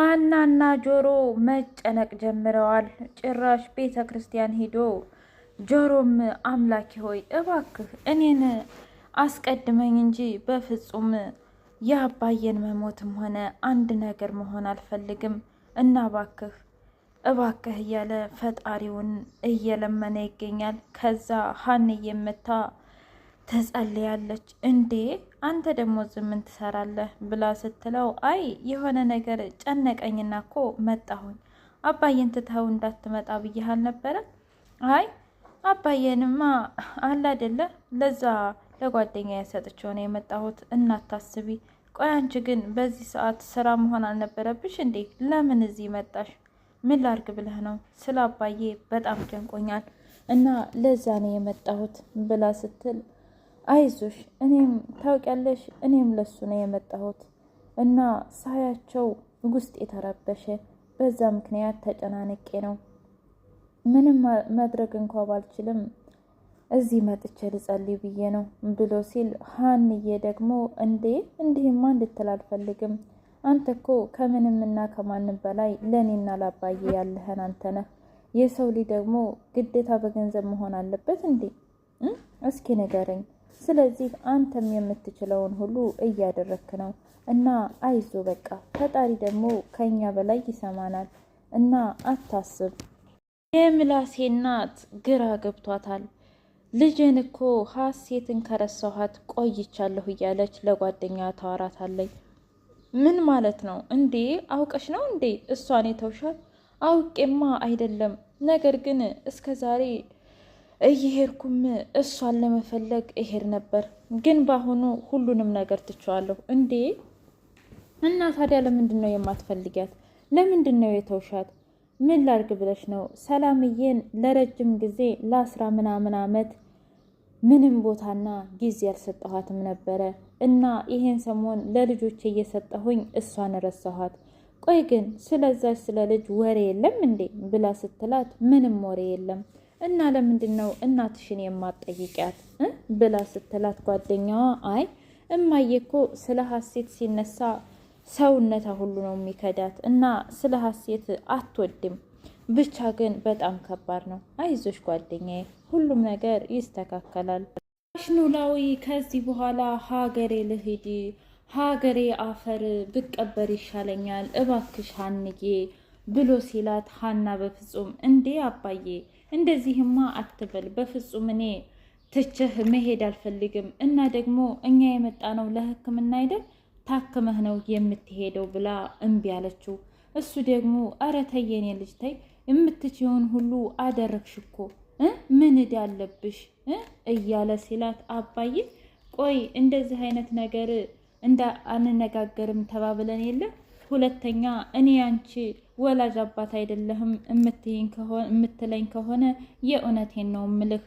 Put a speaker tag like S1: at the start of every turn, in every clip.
S1: ሀናና ጆሮ መጨነቅ ጀምረዋል። ጭራሽ ቤተ ክርስቲያን ሂዶ ጆሮም አምላኬ ሆይ እባክህ እኔን አስቀድመኝ እንጂ በፍጹም የአባየን መሞትም ሆነ አንድ ነገር መሆን አልፈልግም እና እባክህ እባክህ እያለ ፈጣሪውን እየለመነ ይገኛል። ከዛ ሀን የምታ ተጸልያለች። እንዴ አንተ ደግሞ ዝምን ምን ትሰራለህ ብላ ስትለው አይ የሆነ ነገር ጨነቀኝና እኮ መጣሁኝ። አባዬን ትተኸው እንዳትመጣ ብዬህ አልነበረም? አይ አባዬንማ አለ አይደለ ለዛ ለጓደኛ ያሰጥቼው ነው የመጣሁት። እናታስቢ ቆይ አንቺ ግን በዚህ ሰዓት ስራ መሆን አልነበረብሽ እንዴ? ለምን እዚህ መጣሽ? ምን ላርግ ብለህ ነው? ስለ አባዬ በጣም ጨንቆኛል እና ለዛ ነው የመጣሁት ብላ ስትል አይዞሽ፣ እኔም ታውቂያለሽ፣ እኔም ለሱ ነው የመጣሁት እና ሳያቸው ውስጤ የተረበሸ በዛ ምክንያት ተጨናንቄ ነው። ምንም መድረግ እንኳ ባልችልም እዚህ መጥቼ ልጸልይ ብዬ ነው ብሎ ሲል ሀንዬ ደግሞ እንዴ እንዲህማ እንድትል አልፈልግም። አንተ እኮ ከምንም እና ከማንም በላይ ለእኔና ላባዬ ያለህን አንተ ነህ። የሰው ልጅ ደግሞ ግዴታ በገንዘብ መሆን አለበት እንዴ? እስኪ ንገረኝ። ስለዚህ አንተም የምትችለውን ሁሉ እያደረክ ነው እና አይዞ በቃ ፈጣሪ ደግሞ ከኛ በላይ ይሰማናል እና አታስብ። የምላሴ እናት ግራ ገብቷታል። ልጅን እኮ ሀሴትን ከረሳኋት ቆይቻለሁ እያለች ለጓደኛ ታወራታለች። ምን ማለት ነው እንዴ? አውቀሽ ነው እንዴ እሷን የተውሻት? አውቄማ አይደለም ነገር ግን እስከ ዛሬ እየሄድኩም እሷን ለመፈለግ እሄድ ነበር፣ ግን በአሁኑ ሁሉንም ነገር ትችዋለሁ። እንዴ እና ታዲያ ለምንድን ነው የማትፈልጊያት? ለምንድን ነው የተውሻት? ምን ላርግ ብለሽ ነው? ሰላምዬን ለረጅም ጊዜ ለአስራ ምናምን ዓመት ምንም ቦታና ጊዜ አልሰጠኋትም ነበረ እና ይሄን ሰሞን ለልጆች እየሰጠሁኝ እሷን ረሳኋት። ቆይ ግን ስለዛች ስለ ልጅ ወሬ የለም እንዴ ብላ ስትላት ምንም ወሬ የለም እና ለምንድን ነው እናትሽን የማጠይቂያት ብላ ስትላት ጓደኛዋ አይ እማዬ እኮ ስለ ሀሴት ሲነሳ ሰውነታ ሁሉ ነው የሚከዳት እና ስለ ሀሴት አትወድም። ብቻ ግን በጣም ከባድ ነው። አይዞሽ ጓደኛዬ፣ ሁሉም ነገር ይስተካከላል። አሽኑላዊ ከዚህ በኋላ ሀገሬ ልሂድ፣ ሀገሬ አፈር ብቀበር ይሻለኛል፣ እባክሽ ሀንዬ ብሎ ሲላት ሀና በፍጹም እንዴ አባዬ እንደዚህማ አትበል በፍጹም እኔ ትችህ መሄድ አልፈልግም። እና ደግሞ እኛ የመጣ ነው ለህክምና አይደል ታክመህ ነው የምትሄደው ብላ እምቢ አለችው። እሱ ደግሞ ኧረ ተይ የኔ ልጅ ተይ፣ ሁሉ አደረግሽ እኮ ምን ዕዳ አለብሽ እያለ ሲላት፣ አባዬ ቆይ እንደዚህ አይነት ነገር እንደ አንነጋገርም ተባብለን የለም ሁለተኛ እኔ አንቺ ወላጅ አባት አይደለህም የምትለኝ ከሆነ የእውነቴን ነው ምልህ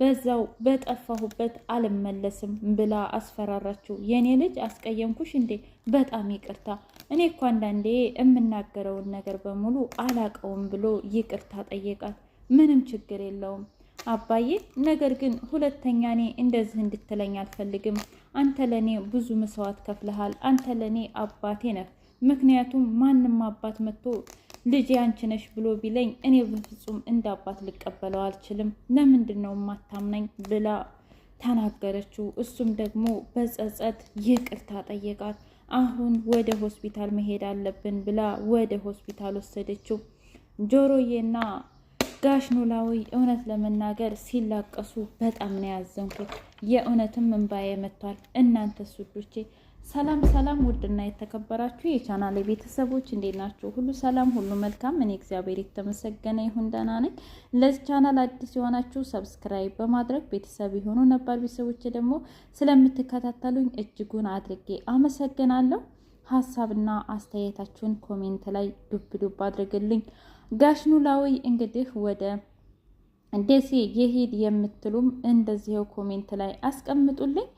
S1: በዛው በጠፋሁበት አልመለስም ብላ አስፈራራችው። የእኔ ልጅ አስቀየምኩሽ እንዴ? በጣም ይቅርታ። እኔ እኮ አንዳንዴ የምናገረውን ነገር በሙሉ አላቀውም ብሎ ይቅርታ ጠየቃት። ምንም ችግር የለውም አባዬ፣ ነገር ግን ሁለተኛ እኔ እንደዚህ እንድትለኝ አልፈልግም። አንተ ለእኔ ብዙ መስዋዕት ከፍለሃል። አንተ ለእኔ አባቴ ነህ። ምክንያቱም ማንም አባት መጥቶ ልጅ አንቺ ነሽ ብሎ ቢለኝ እኔ በፍጹም እንደ አባት ልቀበለው አልችልም። ለምንድን ነው የማታምናኝ ብላ ተናገረችው። እሱም ደግሞ በጸጸት ይቅርታ ጠየቃት። አሁን ወደ ሆስፒታል መሄድ አለብን ብላ ወደ ሆስፒታል ወሰደችው። ጆሮዬና ጋሽ ኖላዊ እውነት ለመናገር ሲላቀሱ በጣም ነው ያዘንኩት። የእውነትም እንባዬ መጥቷል። እናንተ ሱዶቼ ሰላም ሰላም፣ ውድና የተከበራችሁ የቻናል ቤተሰቦች እንዴት ናችሁ? ሁሉ ሰላም፣ ሁሉ መልካም። እኔ እግዚአብሔር የተመሰገነ ይሁን ደህና ነኝ። ለዚህ ቻናል አዲስ የሆናችሁ ሰብስክራይብ በማድረግ ቤተሰብ የሆኑ ነባር ቤተሰቦች ደግሞ ስለምትከታተሉኝ እጅጉን አድርጌ አመሰግናለሁ። ሀሳብና አስተያየታችሁን ኮሜንት ላይ ዱብ ዱብ አድርግልኝ። ጋሽ ኖላዊ እንግዲህ ወደ ደሴ የሄድ የምትሉም እንደዚህው ኮሜንት ላይ አስቀምጡልኝ።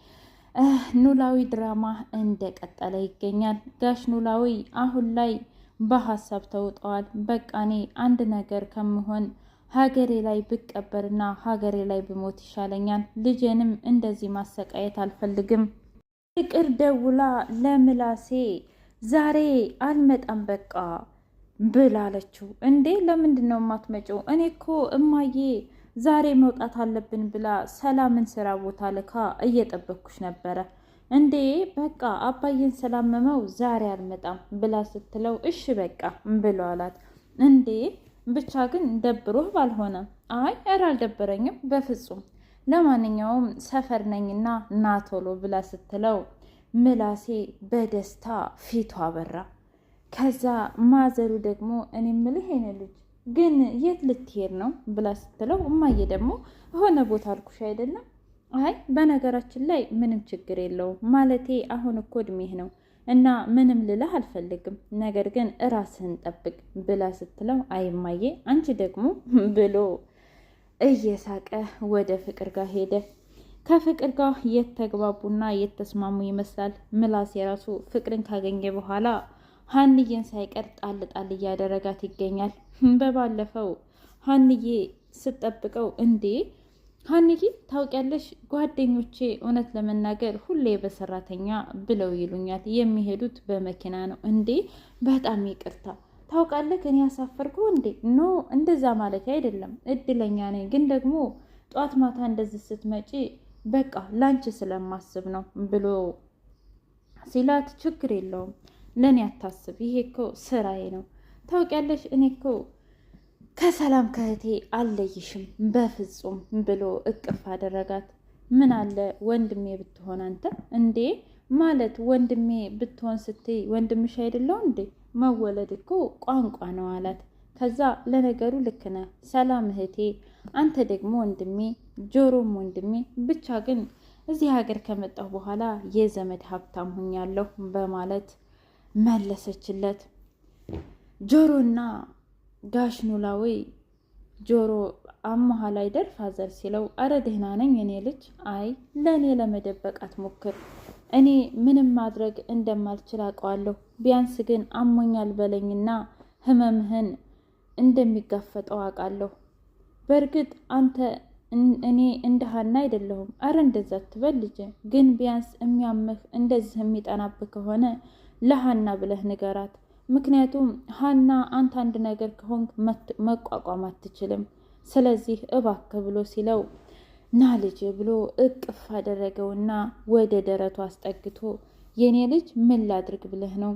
S1: ኖላዊ ድራማ እንደቀጠለ ይገኛል። ጋሽ ኖላዊ አሁን ላይ በሀሳብ ተውጠዋል። በቃ እኔ አንድ ነገር ከምሆን ሀገሬ ላይ ብቀበርና ሀገሬ ላይ ብሞት ይሻለኛል። ልጄንም እንደዚህ ማሰቃየት አልፈልግም። ፍቅር ደውላ ለምላሴ ዛሬ አልመጣም በቃ ብላለችው። እንዴ ለምንድን ነው የማትመጪው? እኔ እኮ እማዬ ዛሬ መውጣት አለብን ብላ ሰላምን ስራ ቦታ ልካ እየጠበኩሽ ነበረ። እንዴ በቃ አባዬን ስላመመው ዛሬ አልመጣም ብላ ስትለው እሺ በቃ ብሎ አላት። እንዴ ብቻ ግን ደብሮህ ባልሆነ? አይ ኧረ አልደበረኝም በፍጹም ለማንኛውም ሰፈር ነኝና ና ቶሎ ብላ ስትለው ምላሴ በደስታ ፊቱ አበራ። ከዛ ማዘሩ ደግሞ እኔ ምልህ ልጅ ግን የት ልትሄድ ነው ብላ ስትለው እማዬ ደግሞ ሆነ ቦታ አልኩሽ አይደለም። አይ በነገራችን ላይ ምንም ችግር የለውም ማለቴ አሁን እኮ እድሜህ ነው እና ምንም ልልህ አልፈልግም፣ ነገር ግን እራስህን ጠብቅ ብላ ስትለው አይ እማዬ አንቺ ደግሞ ብሎ እየሳቀ ወደ ፍቅር ጋር ሄደ። ከፍቅር ጋር የተግባቡና የተስማሙ ይመስላል። ምላስ የራሱ ፍቅርን ካገኘ በኋላ ሀንዬን ሳይቀር ጣል ጣል እያደረጋት ይገኛል። በባለፈው ሀንዬ ስጠብቀው እንዴ ሀንዬ ታውቂያለሽ፣ ጓደኞቼ እውነት ለመናገር ሁሌ በሰራተኛ ብለው ይሉኛል። የሚሄዱት በመኪና ነው እንዴ? በጣም ይቅርታ ታውቃለህ፣ እኔ ያሳፈርኩ እንዴ? ኖ እንደዛ ማለት አይደለም። እድለኛ ነኝ፣ ግን ደግሞ ጠዋት ማታ እንደዚህ ስትመጪ በቃ ላንቺ ስለማስብ ነው ብሎ ሲላት ችግር የለውም ለእኔ አታስብ፣ ይሄ እኮ ስራዬ ነው። ታውቂያለሽ፣ እኔ እኮ ከሰላም ከእህቴ አለይሽም በፍጹም ብሎ እቅፍ አደረጋት። ምን አለ ወንድሜ ብትሆን አንተ እንዴ ማለት ወንድሜ ብትሆን ስትይ ወንድምሽ አይደለው እንዴ? መወለድ እኮ ቋንቋ ነው አላት። ከዛ ለነገሩ ልክ ነህ ሰላም እህቴ፣ አንተ ደግሞ ወንድሜ፣ ጆሮም ወንድሜ፣ ብቻ ግን እዚህ ሀገር ከመጣሁ በኋላ የዘመድ ሀብታም ሁኛለሁ በማለት መለሰችለት። ጆሮና ጋሽ ኖላዊ ጆሮ አመሃል አይደል ፋዘር ሲለው፣ አረ ደህና ነኝ እኔ ልጅ። አይ ለእኔ ለመደበቅ አትሞክር፣ እኔ ምንም ማድረግ እንደማልችል አውቀዋለሁ። ቢያንስ ግን አሞኛል በለኝና ህመምህን እንደሚጋፈጠው አውቃለሁ። በእርግጥ አንተ እኔ እንደ ሀና አይደለሁም። አረ እንደዛ ትበል ልጄ። ግን ቢያንስ የሚያምህ እንደዚህ የሚጠናብህ ከሆነ ለሀና ብለህ ንገራት። ምክንያቱም ሀና አንተ አንድ ነገር ከሆንክ መቋቋም አትችልም። ስለዚህ እባክህ ብሎ ሲለው ና ልጅ ብሎ እቅፍ አደረገውና ወደ ደረቱ አስጠግቶ የእኔ ልጅ ምን ላድርግ ብለህ ነው?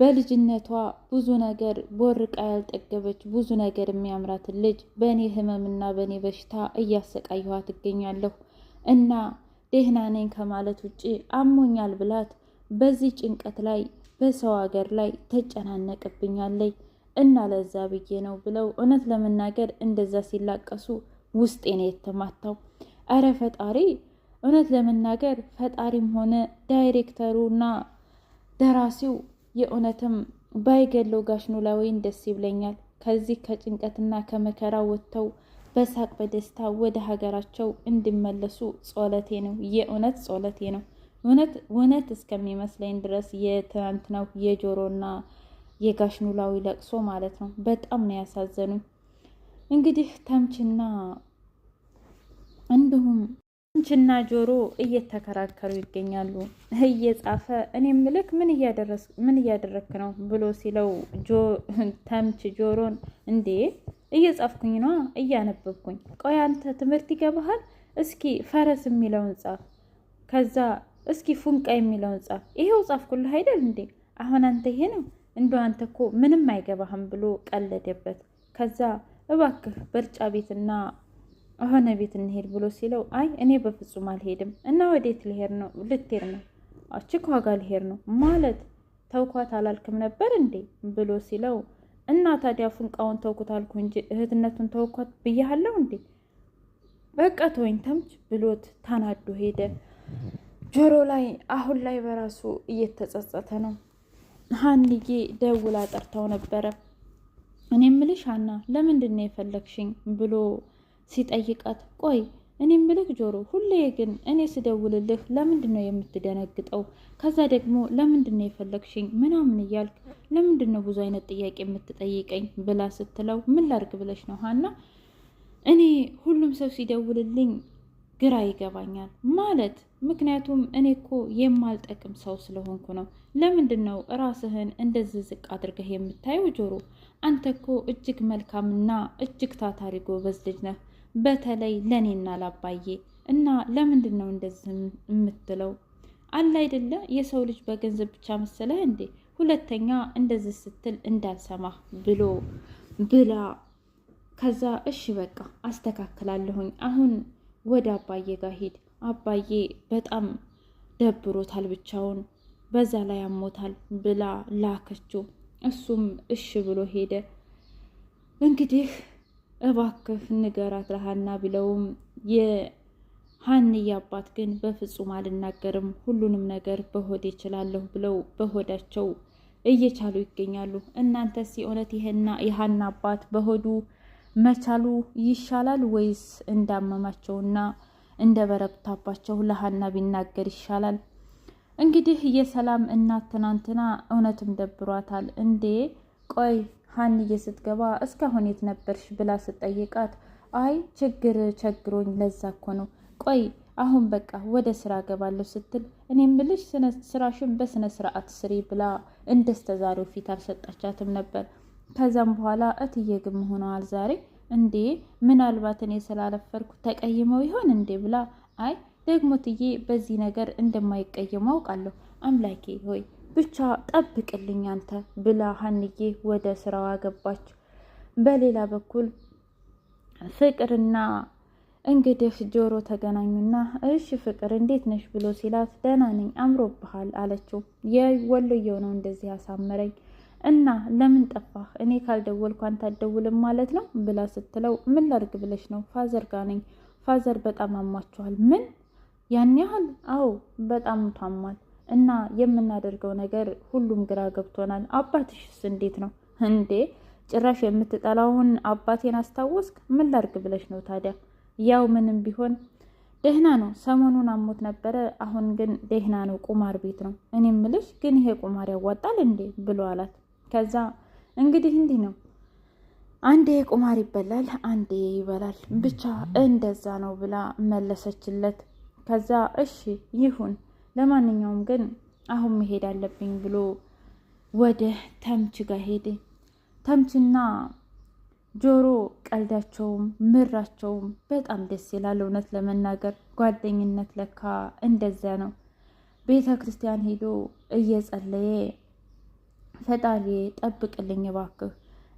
S1: በልጅነቷ ብዙ ነገር ቦርቃ ያልጠገበች ብዙ ነገር የሚያምራትን ልጅ በእኔ ህመምና በእኔ በሽታ እያሰቃየኋ ትገኛለሁ እና ደህና ነኝ ከማለት ውጭ አሞኛል ብላት በዚህ ጭንቀት ላይ በሰው ሀገር ላይ ተጨናነቅብኛለይ እና ለዛ ብዬ ነው ብለው እውነት ለመናገር እንደዛ ሲላቀሱ ውስጤ ነው የተማታው። አረ ፈጣሪ፣ እውነት ለመናገር ፈጣሪም ሆነ ዳይሬክተሩና ደራሲው የእውነትም ባይገለው ጋሽ ኖላዊን ደስ ይብለኛል። ከዚህ ከጭንቀትና ከመከራ ወጥተው በሳቅ በደስታ ወደ ሀገራቸው እንዲመለሱ ጸሎቴ ነው፣ የእውነት ጸሎቴ ነው። እውነት እውነት እስከሚመስለኝ ድረስ የትናንትናው የጆሮና የጋሽ ኖላዊ ለቅሶ ማለት ነው በጣም ነው ያሳዘኑኝ። እንግዲህ ተምችና እንዲሁም ተምችና ጆሮ እየተከራከሩ ይገኛሉ። እየጻፈ እኔ ምልክ ምን እያደረግክ ነው ብሎ ሲለው ተምች ጆሮን እንዴ እየጻፍኩኝ ነዋ እያነበብኩኝ። ቆይ አንተ ትምህርት ይገባሃል? እስኪ ፈረስ የሚለውን ጻፍ ከዛ እስኪ ፉንቃ የሚለውን ጻፍ። ይሄው ጻፍኩልህ አይደል እንዴ? አሁን አንተ ይሄ ነው እንደ አንተ እኮ ምንም አይገባህም ብሎ ቀለደበት። ከዛ እባክህ በርጫ ቤትና ሆነ ቤት እንሄድ ብሎ ሲለው አይ እኔ በፍጹም አልሄድም። እና ወዴት ልሄድ ነው? ልትሄድ ነው? አችክ ዋጋ ልሄድ ነው ማለት ተውኳት አላልክም ነበር እንዴ ብሎ ሲለው እና ታዲያ ፉንቃውን ተውኩት አልኩ እንጂ እህትነቱን ተውኳት ብያሃለው እንዴ? በቃ ተወኝ ተምች ብሎት ተናዶ ሄደ። ጆሮ ላይ አሁን ላይ በራሱ እየተጸጸተ ነው። ሀንዬ ደውላ ጠርታው ነበረ። እኔ ምልሽ ሀና ለምንድን ነው የፈለግሽኝ ብሎ ሲጠይቃት፣ ቆይ እኔ ምልህ ጆሮ፣ ሁሌ ግን እኔ ስደውልልህ ለምንድን ነው የምትደነግጠው? ከዛ ደግሞ ለምንድን ነው የፈለግሽኝ ምናምን እያልክ ለምንድን ነው ብዙ አይነት ጥያቄ የምትጠይቀኝ ብላ ስትለው፣ ምን ላርግ ብለሽ ነው ሀና? እኔ ሁሉም ሰው ሲደውልልኝ ግራ ይገባኛል ማለት ምክንያቱም እኔ እኮ የማልጠቅም ሰው ስለሆንኩ ነው። ለምንድን ነው ራስህን እንደዚህ ዝቅ አድርገህ የምታየው? ጆሮ አንተ እኮ እጅግ መልካምና እጅግ ታታሪ ጎበዝ ልጅ ነህ፣ በተለይ ለእኔና ላባዬ እና ለምንድን ነው እንደዚህ የምትለው? አለ አይደለ የሰው ልጅ በገንዘብ ብቻ መሰለህ እንዴ? ሁለተኛ እንደዚህ ስትል እንዳልሰማህ ብሎ ብላ ከዛ እሺ በቃ አስተካክላለሁኝ፣ አሁን ወደ አባዬ ጋር ሂድ አባዬ በጣም ደብሮታል ብቻውን፣ በዛ ላይ አሞታል ብላ ላከችው። እሱም እሽ ብሎ ሄደ። እንግዲህ እባክህ ንገራት ለሀና ቢለውም የሀንዬ አባት ግን በፍጹም አልናገርም፣ ሁሉንም ነገር በሆድ ይችላለሁ ብለው በሆዳቸው እየቻሉ ይገኛሉ። እናንተስ የእውነት ይህና የሀና አባት በሆዱ መቻሉ ይሻላል ወይስ እንዳመማቸውና እንደ በረብታባቸው ለሀና ቢናገር ይሻላል። እንግዲህ የሰላም እናት ትናንትና እውነትም ደብሯታል። እንዴ ቆይ ሀንዬ ስትገባ እስካሁን የት ነበርሽ ብላ ስጠይቃት፣ አይ ችግር ቸግሮኝ ለዛ እኮ ነው። ቆይ አሁን በቃ ወደ ስራ ገባለሁ ስትል፣ እኔ ምልሽ ስራሽን በስነ ስርዓት ስሪ ብላ እንደስተዛሬው ፊት አልሰጣቻትም ነበር። ከዛም በኋላ እትዬ ግን ዛሬ እንዴ ምናልባት እኔ ስላለፈርኩ ተቀይመው ይሆን እንዴ ብላ አይ ደግሞ ትዬ በዚህ ነገር እንደማይቀየሙ አውቃለሁ። አምላኬ ሆይ ብቻ ጠብቅልኝ አንተ ብላ ሀንዬ ወደ ስራዋ ገባች። በሌላ በኩል ፍቅርና እንግዲህ ጆሮ ተገናኙና እሺ ፍቅር እንዴት ነሽ ብሎ ሲላት ደህና ነኝ አምሮብሃል አለችው። የወሎየው ነው እንደዚህ ያሳመረኝ እና ለምን ጠፋህ? እኔ ካልደወልኩ አንተ አትደውልም ማለት ነው ብላ ስትለው ምን ላድርግ ብለሽ ነው? ፋዘር ጋነኝ ነኝ። ፋዘር በጣም አሟቸዋል። ምን ያን ያህል? አዎ በጣም ታሟል። እና የምናደርገው ነገር ሁሉም ግራ ገብቶናል። አባትሽስ እንዴት ነው እንዴ? ጭራሽ የምትጠላውን አባቴን አስታወስክ? ምን ላድርግ ብለሽ ነው ታዲያ? ያው ምንም ቢሆን ደህና ነው። ሰሞኑን አሞት ነበረ። አሁን ግን ደህና ነው። ቁማር ቤት ነው። እኔ ምልሽ ግን ይሄ ቁማር ያዋጣል እንዴ ብሎ አላት። ከዛ እንግዲህ እንዲህ ነው አንዴ ቁማር ይበላል፣ አንዴ ይበላል፣ ብቻ እንደዛ ነው ብላ መለሰችለት። ከዛ እሺ ይሁን፣ ለማንኛውም ግን አሁን መሄድ አለብኝ ብሎ ወደ ተምች ጋር ሄደ። ተምችና ጆሮ ቀልዳቸውም ምራቸውም በጣም ደስ ይላል። እውነት ለመናገር ጓደኝነት ለካ እንደዚያ ነው። ቤተ ክርስቲያን ሄዶ እየጸለየ ፈጣሪ ጠብቅልኝ እባክህ።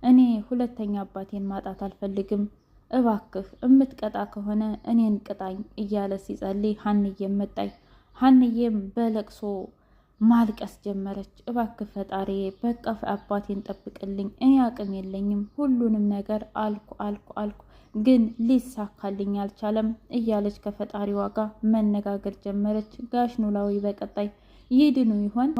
S1: እኔ ሁለተኛ አባቴን ማጣት አልፈልግም። እባክህ እምትቀጣ ከሆነ እኔን ቅጣኝ እያለ ሲጸልይ ሀንዬም መጣኝ። ሀንዬም በለቅሶ ማልቀስ ጀመረች። እባክህ ፈጣሪ በቃ አባቴን ጠብቅልኝ፣ እኔ አቅም የለኝም። ሁሉንም ነገር አልኩ አልኩ አልኩ ግን ሊሳካልኝ አልቻለም እያለች ከፈጣሪዋ ጋር መነጋገር ጀመረች። ጋሽ ኖላዊ በቀጣይ ይድኑ ይሆን?